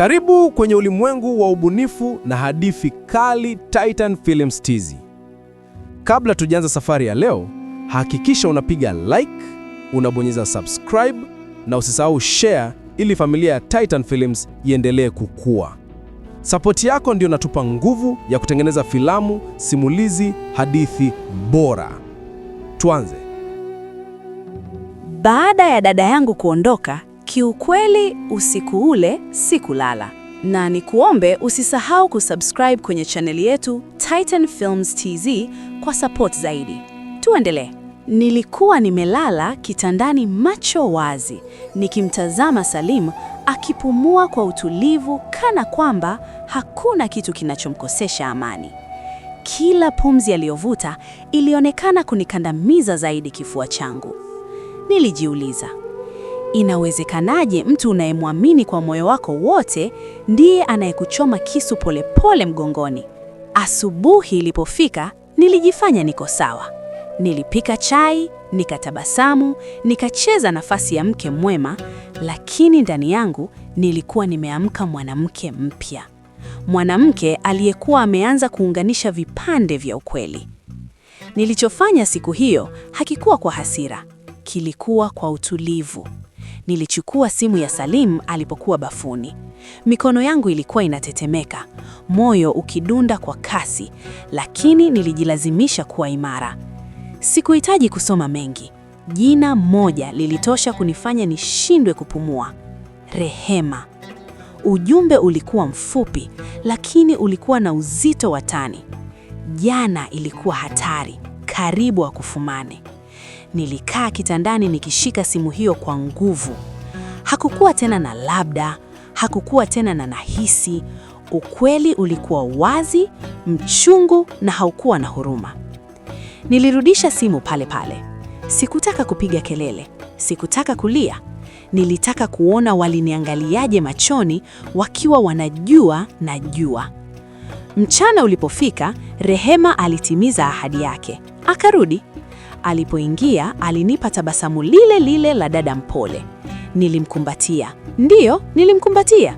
Karibu kwenye ulimwengu wa ubunifu na hadithi kali titan Films TZ. Kabla tujaanza safari ya leo, hakikisha unapiga like, unabonyeza subscribe na usisahau share ili familia ya titan Films iendelee kukua. Sapoti yako ndio inatupa nguvu ya kutengeneza filamu, simulizi, hadithi bora. Tuanze. Baada ya dada yangu kuondoka Kiukweli usiku ule sikulala, na nikuombe usisahau kusubscribe kwenye chaneli yetu Titan Films TZ kwa support zaidi. Tuendelee. Nilikuwa nimelala kitandani macho wazi, nikimtazama Salim akipumua kwa utulivu kana kwamba hakuna kitu kinachomkosesha amani. Kila pumzi aliyovuta ilionekana kunikandamiza zaidi kifua changu. Nilijiuliza, Inawezekanaje mtu unayemwamini kwa moyo wako wote ndiye anayekuchoma kisu polepole mgongoni? Asubuhi ilipofika, nilijifanya niko sawa. Nilipika chai, nikatabasamu, nikacheza nafasi ya mke mwema, lakini ndani yangu nilikuwa nimeamka mwanamke mpya, mwanamke aliyekuwa ameanza kuunganisha vipande vya ukweli. Nilichofanya siku hiyo hakikuwa kwa hasira, kilikuwa kwa utulivu. Nilichukua simu ya Salim alipokuwa bafuni. Mikono yangu ilikuwa inatetemeka, moyo ukidunda kwa kasi, lakini nilijilazimisha kuwa imara. Sikuhitaji kusoma mengi. Jina moja lilitosha kunifanya nishindwe kupumua. Rehema. Ujumbe ulikuwa mfupi, lakini ulikuwa na uzito wa tani. Jana ilikuwa hatari, karibu wa kufumane. Nilikaa kitandani nikishika simu hiyo kwa nguvu. Hakukuwa tena na labda, hakukuwa tena na nahisi. Ukweli ulikuwa wazi, mchungu na haukuwa na huruma. Nilirudisha simu pale pale. Sikutaka kupiga kelele, sikutaka kulia. Nilitaka kuona waliniangaliaje machoni wakiwa wanajua najua. Mchana ulipofika, Rehema alitimiza ahadi yake, akarudi. Alipoingia alinipa tabasamu lile lile la dada mpole. Nilimkumbatia, ndiyo, nilimkumbatia,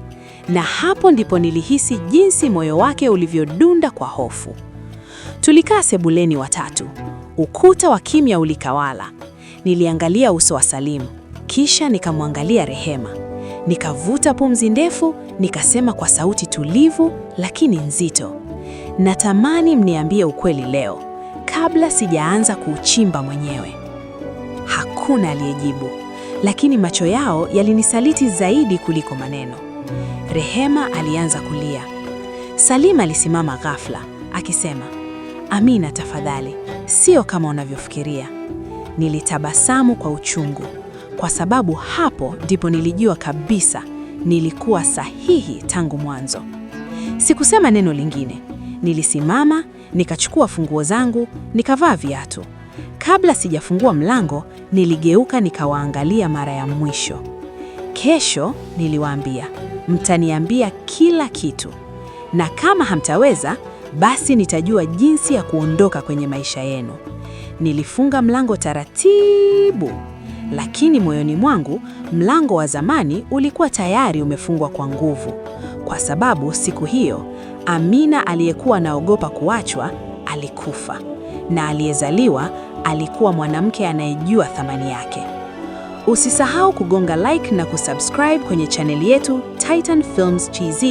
na hapo ndipo nilihisi jinsi moyo wake ulivyodunda kwa hofu. Tulikaa sebuleni watatu, ukuta wa kimya ulikawala. Niliangalia uso wa Salimu, kisha nikamwangalia Rehema, nikavuta pumzi ndefu, nikasema kwa sauti tulivu lakini nzito, natamani mniambie ukweli leo kabla sijaanza kuuchimba mwenyewe. Hakuna aliyejibu, lakini macho yao yalinisaliti zaidi kuliko maneno. Rehema alianza kulia. salim alisimama ghafla akisema, Amina, tafadhali, sio kama unavyofikiria. Nilitabasamu kwa uchungu, kwa sababu hapo ndipo nilijua kabisa nilikuwa sahihi tangu mwanzo. Sikusema neno lingine, nilisimama nikachukua funguo zangu, nikavaa viatu. Kabla sijafungua mlango, niligeuka nikawaangalia mara ya mwisho. Kesho, niliwaambia, mtaniambia kila kitu, na kama hamtaweza, basi nitajua jinsi ya kuondoka kwenye maisha yenu. Nilifunga mlango taratibu, lakini moyoni mwangu mlango wa zamani ulikuwa tayari umefungwa kwa nguvu, kwa sababu siku hiyo Amina aliyekuwa anaogopa kuachwa alikufa, na aliyezaliwa alikuwa mwanamke anayejua thamani yake. Usisahau kugonga like na kusubscribe kwenye chaneli yetu Titan Films TZ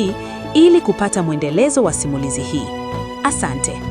ili kupata mwendelezo wa simulizi hii. Asante.